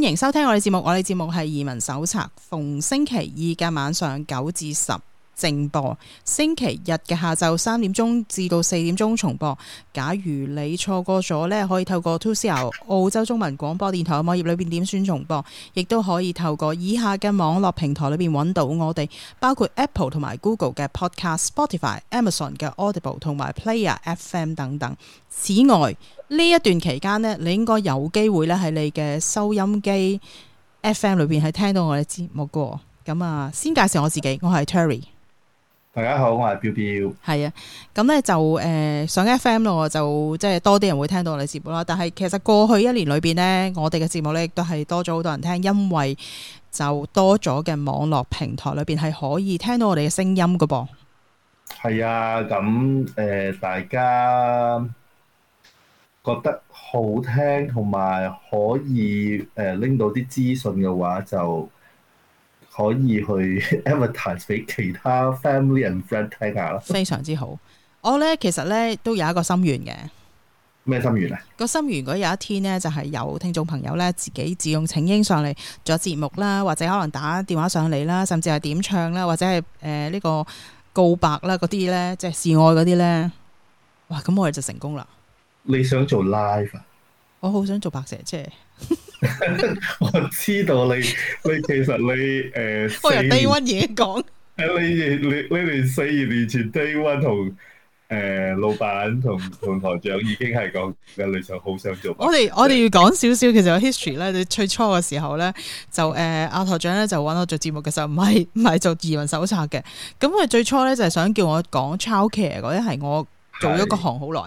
歡迎收聽我哋節目，我哋節目係移民手冊，逢星期二嘅晚上九至十。正播星期日嘅下晝三點鐘至到四點鐘重播。假如你錯過咗呢，可以透過 Two C A 澳洲中文廣播電台嘅網頁裏邊點選重播，亦都可以透過以下嘅網絡平台裏邊搵到我哋，包括 Apple 同埋 Google 嘅 Podcast、Spotify、Amazon 嘅 Audible 同埋 Player FM 等等。此外，呢一段期間呢，你應該有機會咧喺你嘅收音機 FM 裏邊係聽到我哋節目㗎。咁啊，先介紹我自己，我係 Terry。大家好，我係 Bill Bill。係啊，咁咧就誒、呃、上 FM 咯，就即係多啲人會聽到我哋節目啦。但係其實過去一年裏邊咧，我哋嘅節目咧亦都係多咗好多人聽，因為就多咗嘅網絡平台裏邊係可以聽到我哋嘅聲音噶噃。係啊，咁誒、呃，大家覺得好聽同埋可以誒拎、呃、到啲資訊嘅話就。可以去 advertise 俾其他 family and friend 睇下啦，非常之好。我呢，其實呢，都有一個心願嘅，咩心願啊？個心願如果有一天呢，就係、是、有聽眾朋友呢，自己自用請纓上嚟做節目啦，或者可能打電話上嚟啦，甚至係點唱啦，或者係誒呢個告白啦，嗰啲呢，即係示愛嗰啲呢。哇！咁我哋就成功啦。你想做 live 啊？我好想做白蛇姐。 我知道你，你其實你誒，我由 day one 嘢講。誒， 你你你哋四二年前 day one 同誒老闆同同台長已經係講嘅，你想好想做 我。我哋我哋要講少少，其實 history 咧，最初嘅時候咧就誒，阿台長咧就揾我做節目嘅時候，唔係唔係做移民手冊嘅。咁佢最初咧就係、是、想叫我講 childcare 嗰啲。係，我做咗個行好耐。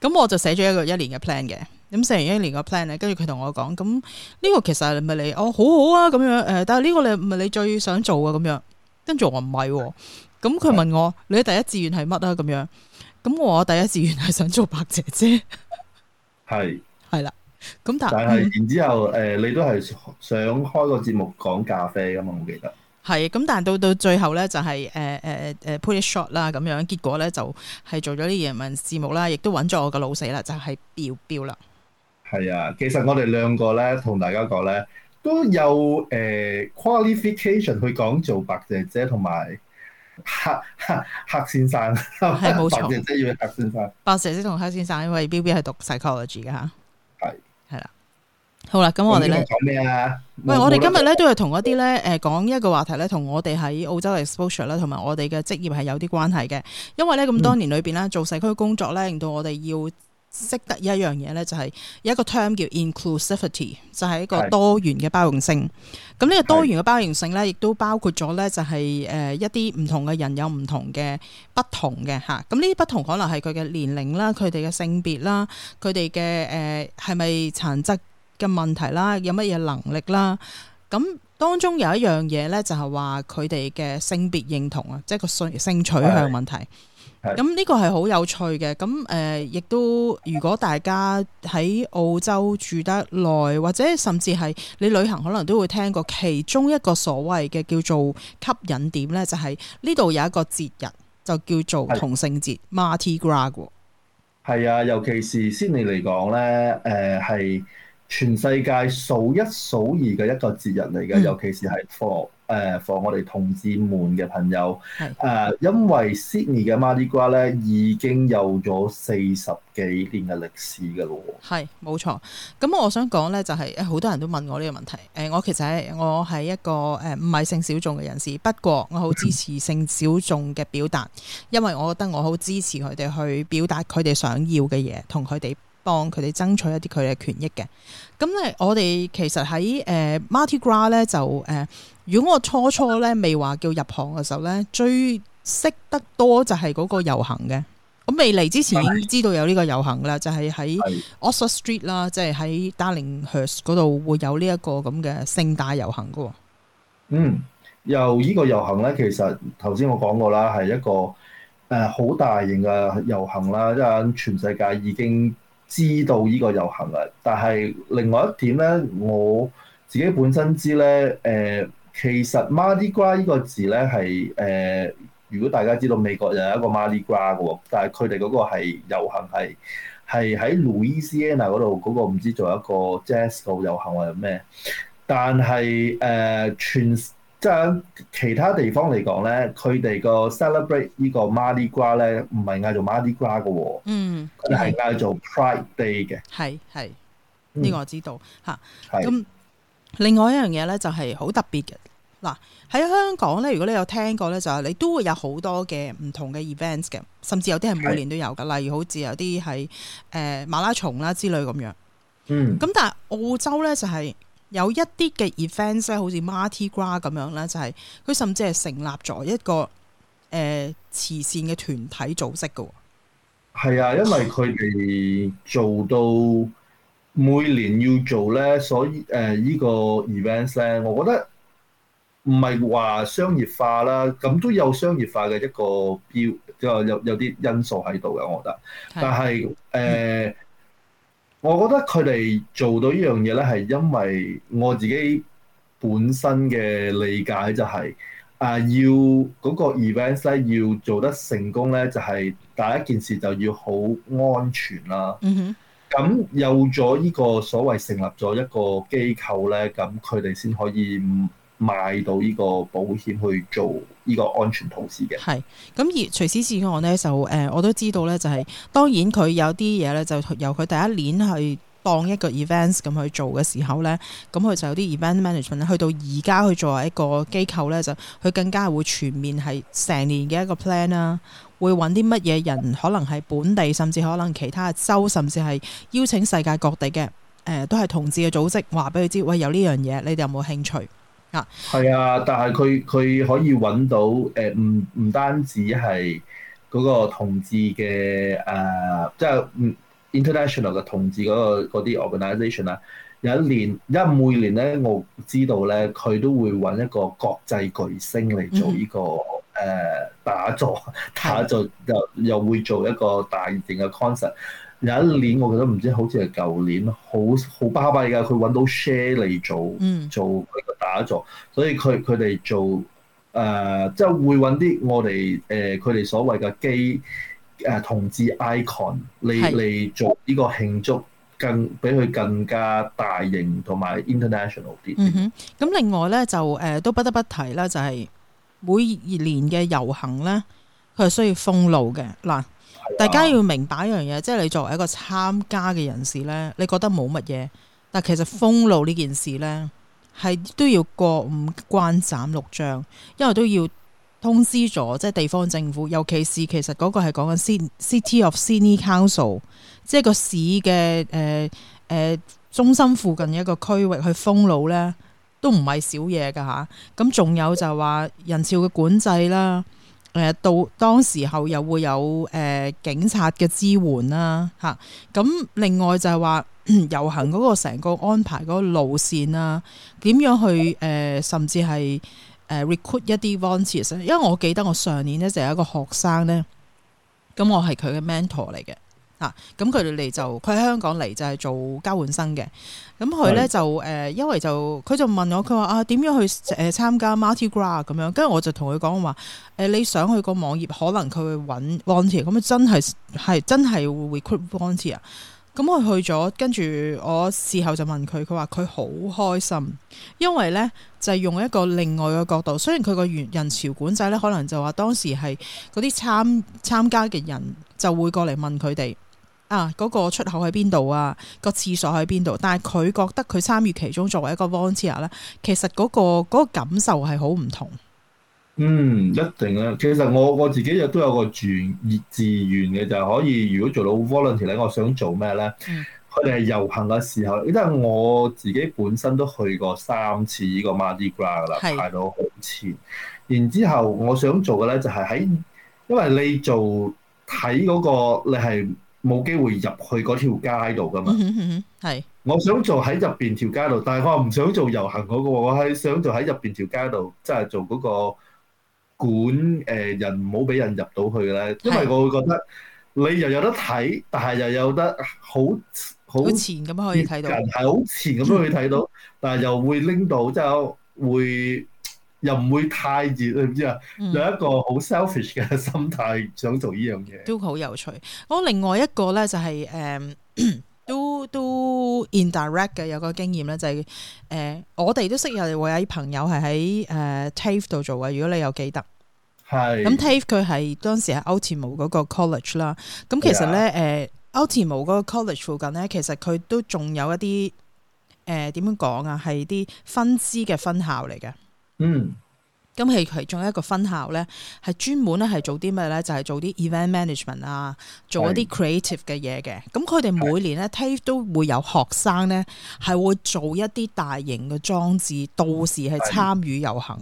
咁的 我就寫咗一個一年嘅 plan 嘅。咁四年一年個 plan 咧，跟住佢同我講，咁呢個其實係咪你？哦，好好啊，咁樣誒，但係呢個你唔係你最想做啊，咁樣。跟住我唔係喎，咁佢問我你第一志願係乜啊？咁樣，咁我第一志願係想做白姐姐。係係啦，咁但係然之後誒，你都係想開個節目講咖啡噶嘛？我記得係，咁但係到到最後咧，就係誒誒誒 shot 啦咁樣，結果咧就係做咗啲移民事務啦，亦都揾咗我個老死啦，就係標標啦。係啊，其實我哋兩個咧，同大家講咧，都有誒、呃、qualification 去講做白姐姐同埋黑黑黑先生。係冇錯。白姐姐要黑先生。白姐姐同黑先生，因為 B B 係讀 psychology 嘅嚇。係係啦。好啦，咁我哋咧講咩啊？喂，喂，我哋今日咧都係同一啲咧誒講一個話題咧，同我哋喺澳洲嘅 exposure 咧，同埋我哋嘅職業係有啲關係嘅。因為咧咁多年裏邊咧做社區工作咧，令到我哋要。識得一樣嘢咧，就係、是、有一個 term 叫 inclusivity，就係一個多元嘅包容性。咁呢是的 個多元嘅包容性咧，亦都包括咗咧，就係誒一啲唔同嘅人有唔同嘅不同嘅嚇。咁呢啲不同可能係佢嘅年齡啦，佢哋嘅性別啦，佢哋嘅誒係咪殘疾嘅問題啦，有乜嘢能力啦。咁、啊、當中有一樣嘢咧，就係話佢哋嘅性別認同啊，即係個性性取向問題。咁呢個係好有趣嘅，咁誒、呃、亦都如果大家喺澳洲住得耐，或者甚至係你旅行可能都會聽過，其中一個所謂嘅叫做吸引點呢，就係呢度有一個節日，就叫做同性節 （Mardi Gras）。係啊的，尤其是先你嚟講呢，誒、呃、係。全世界數一數二嘅一個節日嚟嘅，嗯、尤其是係放誒放我哋同志們嘅朋友。誒是、呃，因為 Sydney 嘅 Mardi Gras 咧已經有咗四十幾年嘅歷史㗎咯。係，冇錯。咁我想講咧、就是，就係好多人都問我呢個問題。誒、呃，我其實我係一個誒唔係性小眾嘅人士，不過我好支持性小眾嘅表達，嗯、因為我覺得我好支持佢哋去表達佢哋想要嘅嘢，同佢哋，幫佢哋爭取一啲佢哋嘅權益嘅。咁咧，我哋其實喺誒、呃、Mardi Gras 咧就誒、呃，如果我初初咧未話叫入行嘅時候咧，最識得多就係嗰個遊行嘅。我未嚟之前已經知道有呢個遊行啦，的就係喺 Oxford Street 啦，即係喺 Darlinghurst 嗰度會有呢一個咁嘅盛大遊行嘅。嗯，由個遊呢個遊行咧，其實頭先我講過啦，係一個誒好、呃、大型嘅遊行啦，因為全世界已經。知道呢個遊行啊！但係另外一點咧，我自己本身知咧，誒、呃，其實 Mardi Gras 呢個字咧係誒，如果大家知道美國又有一個 Mardi Gras 喎，但係佢哋嗰個係遊行係係喺 Louisiana 嗰度嗰個唔知做一個 jazz 度遊行或者咩，但係誒、呃、全。即係其他地方嚟講咧，佢哋個 celebrate 呢個 Mardi Gras 咧，唔係嗌做 Mardi Gras 嘅喎，嗯，佢哋係嗌做 Pride Day 嘅，係係，呢個我知道嚇。咁另外一樣嘢咧，就係好特別嘅。嗱喺香港咧，如果你有聽過咧，就係你都會有好多嘅唔同嘅 events 嘅，甚至有啲係每年都有嘅，是例如好似有啲係誒馬拉松啦之類咁樣，嗯，咁但係澳洲咧就係。有一啲嘅 event 咧，好似 Mardi Gras 咁樣咧，就係、是、佢甚至係成立咗一個誒、呃、慈善嘅團體組織嘅。係啊，因為佢哋做到每年要做咧，所以誒依、呃這個 event 咧，我覺得唔係話商業化啦，咁都有商業化嘅一個標，即有有啲因素喺度嘅。我覺得，的但係誒。呃我覺得佢哋做到樣呢樣嘢咧，係因為我自己本身嘅理解就係、是，啊、呃，要嗰個 event 咧要做得成功咧，就係、是、第一件事就要好安全啦。咁、mm hmm。有咗呢個所謂成立咗一個機構咧，咁佢哋先可以。賣到呢個保險去做呢個安全措施嘅。係，咁而除此之外呢，就誒、呃、我都知道呢，就係、是、當然佢有啲嘢呢，就由佢第一年去當一個 events 咁去做嘅時候呢，咁、嗯、佢就有啲 event management 去到而家去作做一個機構呢，就佢更加會全面係成年嘅一個 plan 啦、啊。會揾啲乜嘢人？可能係本地，甚至可能其他州，甚至係邀請世界各地嘅誒、呃，都係同志嘅組織，話俾佢知喂，有呢樣嘢，你哋有冇興趣？係啊 Yeah.，但係佢佢可以揾到誒，唔唔單止係嗰個同志嘅誒，即係 international 嘅同志嗰啲 organisation 啦。Organ ization, 有一年，因為每年咧，我知道咧，佢都會揾一個國際巨星嚟做呢個誒、呃、打坐，打坐、mm hmm. 又又會做一個大型嘅 concert。有一年我覺得唔知好似係舊年，好好巴閉㗎。佢揾到 share 嚟做做佢個打造，嗯、所以佢佢哋做誒，即、呃、係會揾啲我哋誒佢哋所謂嘅 gay 誒同志 icon 嚟嚟是做呢個慶祝，更俾佢更加大型同埋 international 啲。In 嗯哼，咁另外咧就誒、呃、都不得不提啦，就係、是、每二年嘅遊行咧，佢係需要封路嘅嗱。大家要明白一樣嘢，即係你作為一個參加嘅人士呢，你覺得冇乜嘢，但其實封路呢件事呢，係都要過五關斬六將，因為都要通知咗即係地方政府，尤其是其實嗰個係講緊 City of Sydney Council，即係個市嘅誒誒中心附近一個區域去封路呢，都唔係少嘢噶嚇。咁、啊、仲有就係話人潮嘅管制啦。誒到當時候又會有誒、呃、警察嘅支援啦，嚇、啊！咁另外就係話、呃、遊行嗰個成個安排嗰路線啦，點樣去誒、呃，甚至係誒、呃、recruit 一啲 volunteers，因為我記得我上年咧就有一個學生咧，咁我係佢嘅 mentor 嚟嘅。啊，咁佢哋嚟就佢喺香港嚟就係、是、做交換生嘅，咁佢咧就誒、呃、因為就佢就問我，佢話啊點樣去誒、呃、參加 Mardi Gras 咁樣，跟住我就同佢講話誒，你想去個網頁，可能佢會揾 volunteer，咁啊真係係真係會 recruit volunteer，咁我去咗，跟住我事後就問佢，佢話佢好開心，因為咧就是、用一個另外嘅角度，雖然佢個人潮管制咧，可能就話當時係嗰啲參參加嘅人就會過嚟問佢哋。啊！嗰、那個出口喺邊度啊？那個廁所喺邊度？但係佢覺得佢參與其中作為一個 volunteer 咧，其實嗰、那個那個感受係好唔同。嗯，一定啊。其實我我自己亦都有個自願願志願嘅，就係、是、可以如果做到 volunteer 咧，我想做咩咧？嗯。佢哋係遊行嘅時候，因為我自己本身都去過三次呢個 Mardi Gras 噶啦是，排到好前。然之後我想做嘅咧就係喺，因為你做睇嗰、那個你係。冇機會入去嗰條街度噶嘛？係。我想做喺入邊條街度，但係我唔想做遊行嗰個。我係想做喺入邊條街度，即係做嗰個管誒人，唔好俾人入到去嘅咧。因為我會覺得你又有得睇，但係又有得好好前咁樣可以睇到，係好前咁樣可以睇到，但係又會拎到，即係會。又唔會太熱，你知啊？有、嗯、一個好 selfish 嘅心態，想做呢樣嘢都好有趣。咁另外一個咧就係、是、誒、呃、都都 indirect 嘅有個經驗咧，就係、是、誒、呃、我哋都識有我有啲朋友係喺誒、呃、TAFE 度做嘅。如果你有記得係咁 TAFE 佢係當時喺 Ultimo 嗰個 college 啦。咁其實咧 t Ultimo 嗰個 college 附近咧，其實佢都仲有一啲誒點樣講啊，係、呃、啲分支嘅分校嚟嘅。嗯，咁係其中一個分校咧，係專門咧係做啲咩咧？就係、是、做啲 event management 啊，做一啲 creative 嘅嘢嘅。咁佢哋每年咧，TAFE 是都會有學生咧，係會做一啲大型嘅裝置，到時係參與遊行。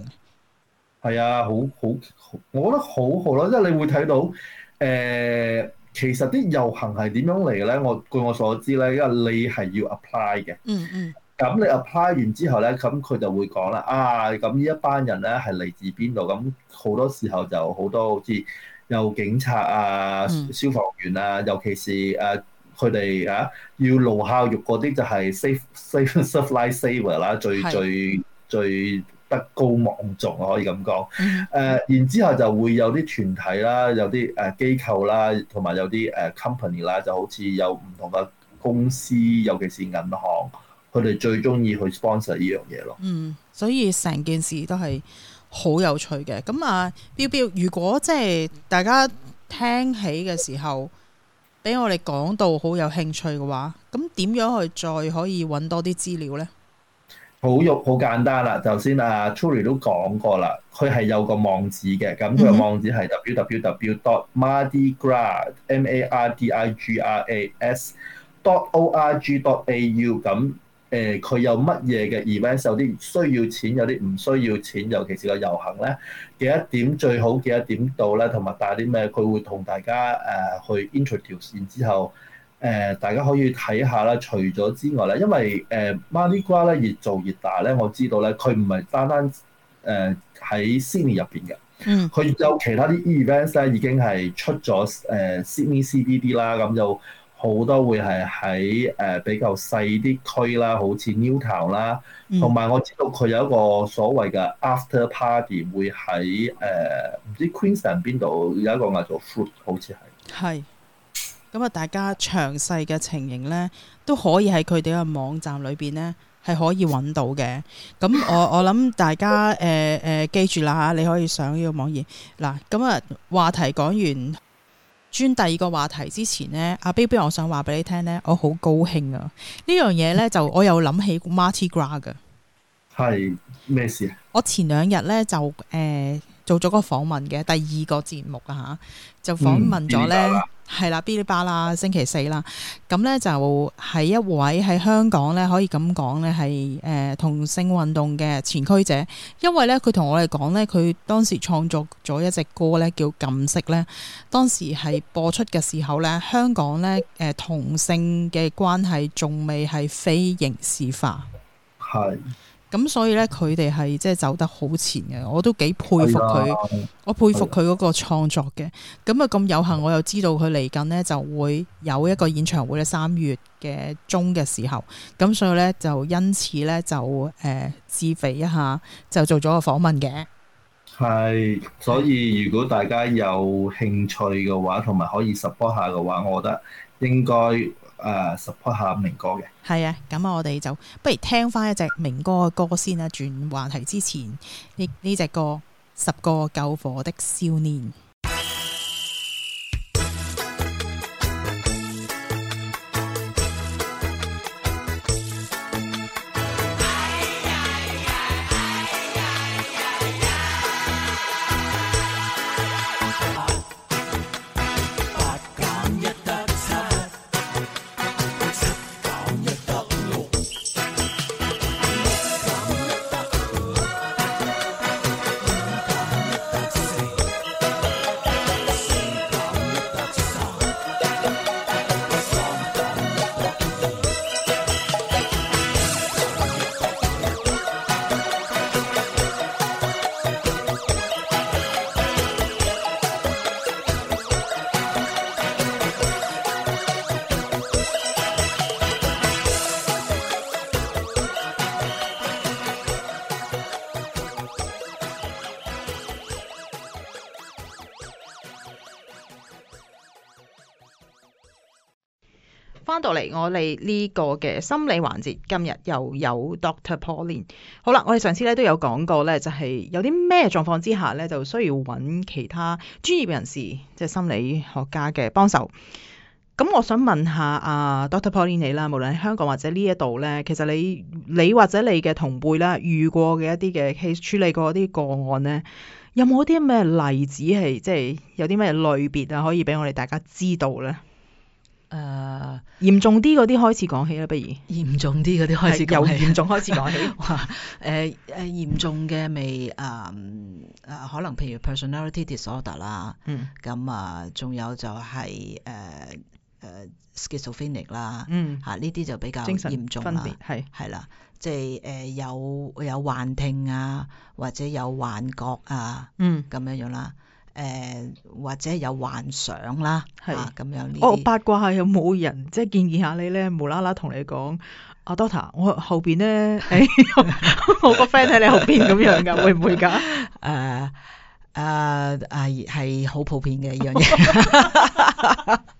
係啊，好好，好，我覺得好好咯，因為你會睇到誒、呃，其實啲遊行係點樣嚟嘅咧？我據我所知咧，因為你係要 apply 嘅、嗯。嗯嗯。咁你 apply 完之後咧，咁佢就會講啦、啊。啊，咁呢一班人咧係嚟自邊度？咁好多時候就好多，好似有警察啊、消防員啊，嗯、尤其是誒佢哋啊，要勞效育嗰啲就係 safe safe surf life saver sa 啦，最是最最德高望重可以咁講。誒、嗯啊，然之後就會有啲團體啦，有啲誒機構啦，同埋有啲誒 company 啦，就好似有唔同嘅公司，尤其是銀行。佢哋最中意去 sponsor 呢樣嘢咯。嗯，所以成件事都係好有趣嘅。咁啊，Bill Bill，如果即係大家聽起嘅時候，俾我哋講到好有興趣嘅話，咁點樣去再可以揾多啲資料咧？好肉，好簡單啦。頭先啊 Tury 都講過啦，佢係有個網址嘅，咁佢個網址係 www.mardigras.org.au 咁，嗯哼。嗯誒佢、呃、有乜嘢嘅 event 有啲需要錢，有啲唔需要錢，尤其是個遊行咧，幾點最好，幾點到啦，同埋帶啲咩，佢會同大家誒、呃、去 introduce 然之後誒、呃、大家可以睇下啦。除咗之外咧，因為誒 Mardi Gras 咧越做越大咧，我知道咧佢唔係單單誒喺悉尼入邊嘅，嗯、呃，佢有其他啲 event 咧已經係出咗誒悉尼 CBD 啦，咁就。好多會係喺誒比較細啲區啦，好似 Newtown 啦、嗯，同埋我知道佢有一個所謂嘅 After Party 會喺誒唔知 Queenstown 邊度有一個嗌做 Food，好似係。係。咁啊，大家詳細嘅情形咧，都可以喺佢哋嘅網站裏邊咧係可以揾到嘅。咁我我諗大家誒誒、 呃呃、記住啦嚇，你可以上呢個網頁。嗱，咁啊話題講完。轉第二個話題之前呢，阿 Bill Bill 我想話俾你聽呢，我好高興啊！呢樣嘢呢，就我有諗起 Mardi Gras 嘅，係咩事啊？我前兩日呢，就、呃、誒做咗個訪問嘅第二個節目啊，嚇就訪問咗呢。嗯係啦，比利巴啦，星期四啦。咁呢就係、是、一位喺香港呢可以咁講呢係誒、呃、同性運動嘅前驅者，因為呢，佢同我哋講呢佢當時創作咗一隻歌呢叫《禁色》呢，當時係播出嘅時候呢，香港呢誒、呃、同性嘅關係仲未係非刑事化。係。咁所以咧，佢哋係即係走得好前嘅，我都幾佩服佢，的我佩服佢嗰個創作嘅。咁啊咁有幸，我又知道佢嚟緊呢就會有一個演唱會咧，三月嘅中嘅時候。咁所以咧，就因此咧，就、呃、誒自肥一下，就做咗個訪問嘅。係，所以如果大家有興趣嘅話，同埋可以 support 下嘅話，我覺得應該。誒 support 一下明哥嘅，係啊，咁啊，我哋就不如聽返一隻明哥嘅歌先啦。轉話題之前，呢呢隻歌《十個救火的少年》。我哋呢個嘅心理環節今日又有 Dr. Pauline。好啦，我哋上次咧都有講過咧，就係有啲咩狀況之下咧，就需要揾其他專業人士，即係心理學家嘅幫手。咁我想問下阿 Dr. Pauline 你啦，無論喺香港或者呢一度咧，其實你你或者你嘅同輩啦，遇過嘅一啲嘅 case 處理過一啲個案咧，有冇啲咩例子係即係有啲咩類別啊，可以俾我哋大家知道咧？誒、uh，嚴重啲嗰啲開始講起啦，不如嚴重啲嗰啲開始講起，又嚴重開始講起。 哇！誒、呃、誒、呃，嚴重嘅未，誒、呃、誒、呃，可能譬如 personality disorder 啦，嗯，咁啊，仲有就係誒誒 schizophrenic 啦，嗯，嚇呢啲就比較嚴重啦，係係啦，即係誒、呃、有有幻聽啊，或者有幻覺啊，嗯，咁樣樣啦。誒、呃、或者有幻想啦，係咁是、啊、樣。我、哦、八卦下有冇人即係建議下你咧，無啦啦同你講，阿 Doctor，我後邊咧，誒、啊，我個 friend 喺你後邊咁樣噶，會唔會噶？誒誒係係好普遍嘅嘢。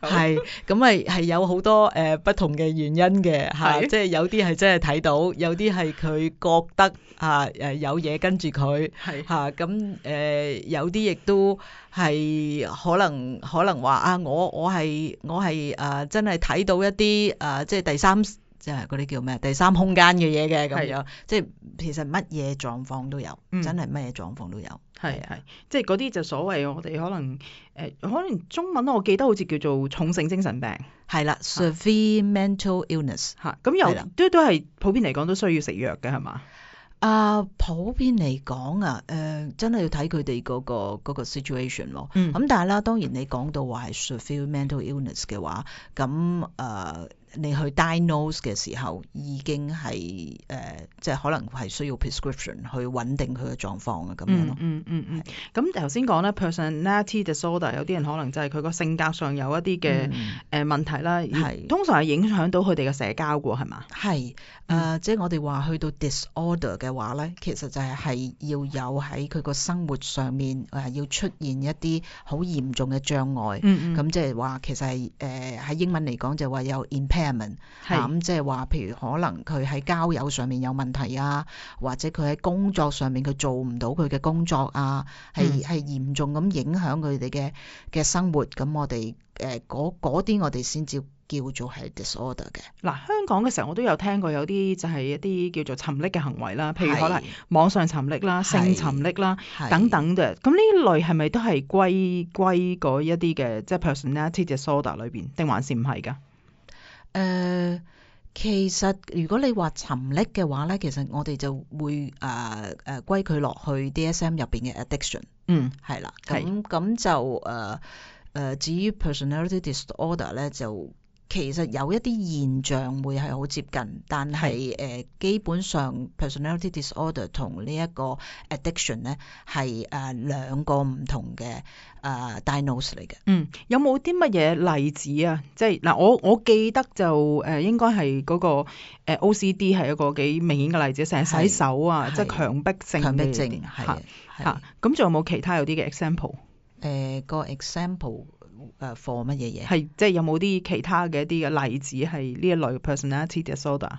係，咁咪係有好多誒、呃、不同嘅原因嘅嚇，啊、是即係有啲係真係睇到，有啲係佢覺得嚇誒、啊、有嘢跟住佢嚇，咁誒是、啊呃、有啲亦都係可能可能話啊，我我係我係啊、呃，真係睇到一啲啊、呃，即係第三。即係嗰啲叫咩？第三空間嘅嘢嘅咁，的即係其實乜嘢狀況都有，嗯、真係乜嘢狀況都有。係係的，即係嗰啲就是、所謂我哋可能誒、呃，可能中文我記得好似叫做重性精神病。係啦，severe mental illness 吓，咁又的的，都都係普遍嚟講都需要食藥嘅係嘛？啊，普遍嚟講啊，誒、呃，真係要睇佢哋嗰個嗰、嗰個 situation 咯。咁、嗯、但係啦，當然你講到話係 severe mental illness 嘅話，咁誒、啊。你去 diagnose 嘅時候已經係誒、呃，即係可能係需要 prescription 去穩定佢嘅狀況嘅咁樣咯、嗯。嗯嗯嗯。咁頭先講咧 personality disorder 有啲人可能就係佢個性格上有一啲嘅誒問題啦。係、嗯。通常係影響到佢哋嘅社交喎，係嘛？係是。誒、嗯呃，即係我哋話去到 disorder 嘅話咧，其實就係係要有喺佢個生活上面誒、啊，要出現一啲好嚴重嘅障礙。咁、嗯嗯、即係話其實係誒喺英文嚟講就話有 impact。係咁，即係話，譬如可能佢喺交友上面有問題啊，或者佢喺工作上面佢做唔到佢嘅工作啊，係係嚴重咁影響佢哋嘅嘅生活。咁我哋誒，嗰、呃、啲我哋先至叫做係 disorder 嘅。嗱，香港嘅時候我都有聽過有啲就係、是、一啲叫做沉溺嘅行為啦，譬如可能網上沉溺啦、性沉溺啦是等等嘅。咁呢類係咪都係歸歸嗰一啲嘅，即、就、係、是、personality disorder 裏邊，定還是唔係噶？誒、呃，其實如果你話沉溺嘅話咧，其實我哋就會誒誒、呃呃、歸佢落去 DSM 入邊嘅 addiction。嗯，係啦，咁咁是就誒誒、呃，至於 personality disorder 咧，就其實有一啲現象會係好接近，但係誒是、呃、基本上 personality disorder 同呢一個 addiction 咧係誒兩個唔同嘅。誒 diagnose 嚟嘅，uh, 嗯，有冇啲乜嘢例子啊？即係嗱、啊，我我記得就誒、呃、應該係嗰個誒、呃、OCD 係一個幾明顯嘅例子，成日洗手啊，的即係強迫性強迫症，係吓、啊，咁仲、啊、有冇其他有啲嘅 example？誒個 example 誒 for 乜嘢嘢？係即係有冇啲其他嘅一啲嘅例子係呢一類 personality disorder？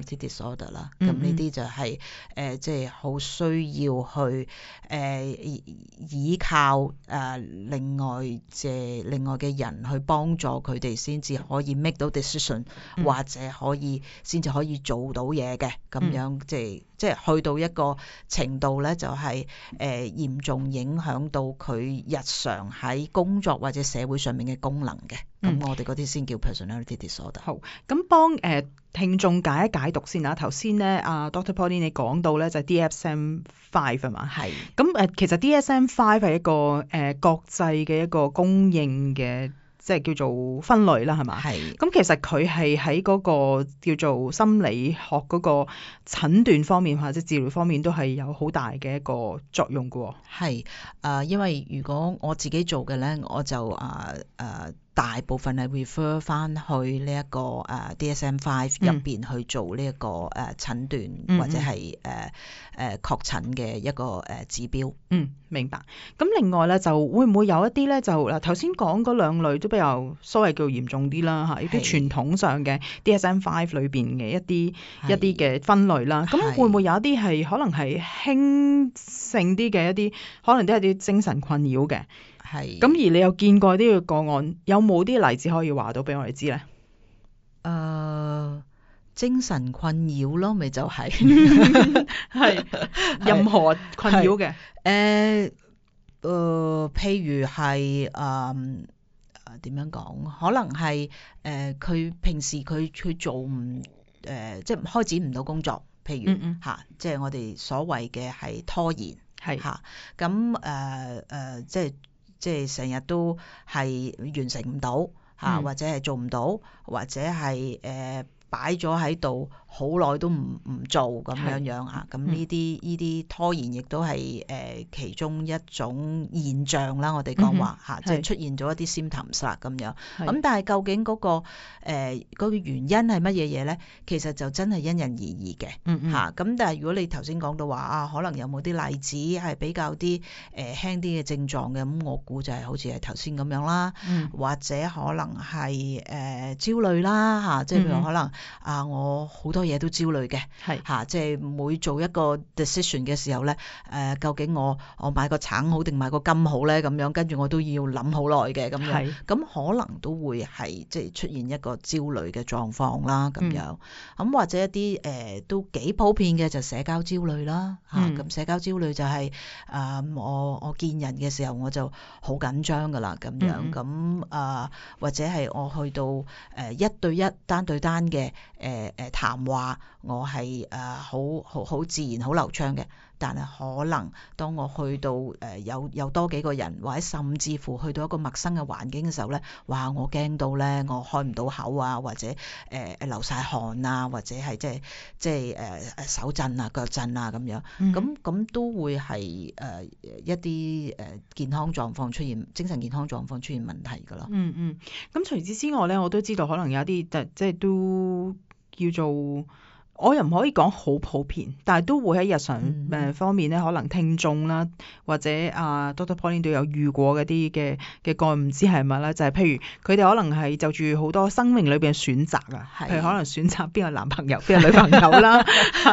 disorder 啦，咁呢啲就係、是、誒，即係好需要去誒依、呃、靠誒、呃、另外即係另外嘅人去幫助佢哋，先至可以 make 到 decision、嗯、或者可以先至、嗯、可以做到嘢嘅，咁樣、就是嗯、即係即係去到一個程度咧，就係、是、誒、呃、嚴重影響到佢日常喺工作或者社會上面嘅功能嘅，咁、嗯、我哋嗰啲先叫 personality disorder。好，咁幫誒。呃聽眾解一解讀先啊！頭先咧，阿 Doctor Pauline 你講到咧就係 DSM Five 係嘛？係。咁誒，其實 DSM Five 係一個誒、呃、國際嘅一個公認嘅，即係叫做分類啦，係嘛？係是。咁、嗯、其實佢係喺嗰個叫做心理學嗰個診斷方面或者治療方面都係有好大嘅一個作用嘅喎。係、呃。因為如果我自己做嘅咧，我就誒誒。呃呃大部分係 refer 翻去呢一個誒 DSM Five 入邊去做呢一個誒診斷或者係誒誒確診嘅一個誒指標。嗯，明白。咁另外咧，就會唔會有一啲咧就嗱頭先講嗰兩類都比較所謂叫嚴重啲啦嚇，一啲是傳統上嘅 DSM Five 裏邊嘅一啲是一啲嘅分類啦，咁是會唔會有一啲係是可能係輕性啲嘅一啲，可能都係啲精神困擾嘅？係咁是而你有見過啲嘅個案，有冇啲例子可以話到俾我哋知咧？誒、呃，精神困擾咯、就是，咪就係，係任何困擾嘅。誒，誒、呃呃，譬如係誒誒點樣講？可能係誒佢平時佢佢做唔誒、呃，即係開始唔到工作。譬如嚇、嗯嗯啊，即係我哋所謂嘅係拖延，係嚇是。咁誒誒，即係。即係成日都係完成唔到嚇，或者係做唔到，或者係誒擺咗喺度。好耐都唔唔做咁樣樣啊！咁呢啲呢啲拖延亦都係誒其中一種現象啦。我哋講話吓，即係、嗯、哼出現咗一啲先談殺咁樣，咁是但係究竟嗰個誒嗰個原因係乜嘢嘢咧？其實就真係因人而異嘅吓，咁、嗯嗯、但係如果你頭先講到話啊，可能有冇啲例子係比較啲誒輕啲嘅症狀嘅咁，我估就係好似係頭先咁樣啦，或者可能係誒焦慮啦吓，即係譬如可能啊，我好多。多嘢都焦慮嘅，係嚇，即係每做一個 decision 嘅時候咧，誒，究竟我我買個橙好定買個金好咧？咁樣跟住我都要諗好耐嘅，咁樣，咁可能都會係即係出現一個焦慮嘅狀況啦，咁樣，咁或者一啲誒都幾普遍嘅就社交焦慮啦，嚇，咁社交焦慮就係啊，我我見人嘅時候我就好緊張㗎喇，咁樣，咁啊或者係我去到誒一對一單對單嘅。誒誒、呃、談話，我係誒好好好自然好流暢嘅，但係可能當我去到誒、呃、有有多幾個人，或者甚至乎去到一個陌生嘅環境嘅時候咧，哇、呃！我驚到咧，我開唔到口啊，或者誒誒、呃、流晒汗啊，或者係即係即係誒誒手震啊，腳震啊咁樣，咁咁、mm hmm. 都會係誒、呃、一啲誒健康狀況出現，精神健康狀況出現問題㗎咯。嗯嗯、mm，咁、hmm. 除此之外咧，我都知道可能有啲即係都。叫做，我又唔可以講好普遍，但係都會喺日常誒方面咧，嗯、可能聽眾啦，或者啊 Dr. Pauline 都有遇過嗰啲嘅嘅個案唔知係咪咧？就係、是、譬如佢哋可能係就住好多生命裏邊嘅選擇啊，係是可能選擇邊個男朋友、邊 個女朋友啦，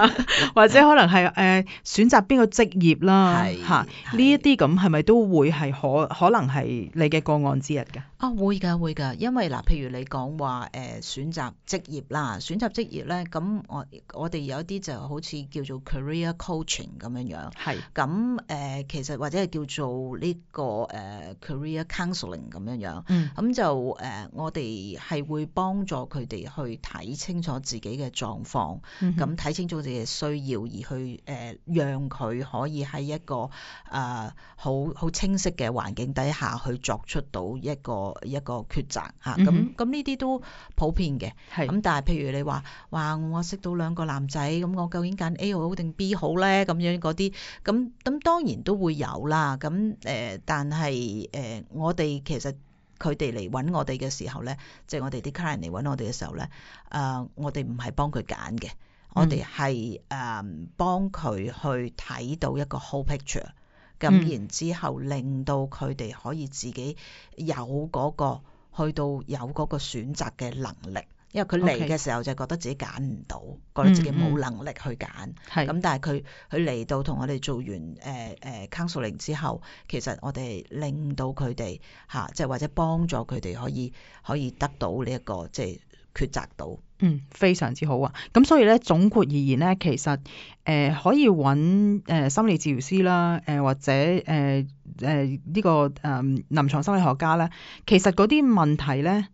或者可能係誒、呃、選擇邊個職業啦，係吓呢一啲咁係咪都會係可可能係你嘅個案之一嘅？啊、哦，會㗎會㗎，因為嗱，譬如你講話誒，選擇職業啦，選擇職業咧，咁我我哋有一啲就好似叫做 career coaching 咁樣樣，係是，咁誒、呃、其實或者係叫做呢、這個誒、呃、career counselling 咁樣樣，嗯，咁就誒、呃、我哋係會幫助佢哋去睇清楚自己嘅狀況，咁睇、嗯、哼清楚自己嘅需要，而去誒、呃、讓佢可以喺一個誒、呃、好好清晰嘅環境底下去作出到一個一個抉擇吓，咁咁呢啲都普遍嘅，咁是但係譬如你話話我識到兩個男仔，咁我究竟揀 A 好定 B 好咧？咁樣嗰啲，咁咁當然都會有啦。咁誒、呃，但係誒、呃，我哋其實佢哋嚟搵我哋嘅時候咧，即係我哋啲 client 嚟搵我哋嘅時候咧，誒、呃，我哋唔係幫佢揀嘅，嗯、我哋係誒幫佢去睇到一個 whole picture。咁然之後，令到佢哋可以自己有嗰、那個、嗯、去到有嗰個選擇嘅能力，因為佢嚟嘅時候就覺得自己揀唔到，嗯、覺得自己冇能力去揀。係咁、嗯，但係佢佢嚟到同我哋做完誒誒 counseling 之後，其實我哋令到佢哋嚇，即係或者幫助佢哋可以可以得到呢、這、一個即係。抉擇到，嗯，非常之好啊！咁所以咧，總括而言咧，其實誒、呃、可以搵誒、呃、心理治療師啦，誒、呃、或者誒誒呢個誒、呃、臨床心理學家咧，其實嗰啲問題咧。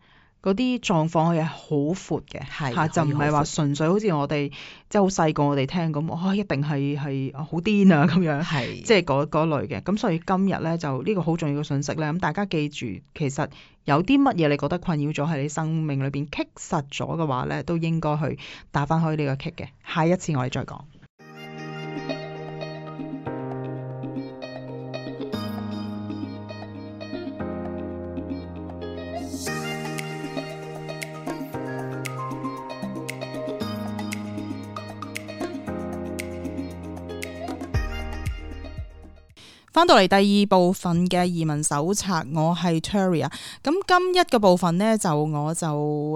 嗰啲狀況係好闊嘅，係吓的就唔係話純粹好似我哋即係好細個我哋聽咁，哇的、哦、一定係係好癲啊咁樣，係即係嗰類嘅。咁所以今日咧就呢、呢個好重要嘅信息咧，咁大家記住，其實有啲乜嘢你覺得困擾咗喺你生命裏邊棘實咗嘅話咧，都應該去打翻開呢個棘嘅。下一次我哋再講。翻到嚟第二部分嘅移民手冊，我係 Terry 啊。咁今一個部分咧，就我就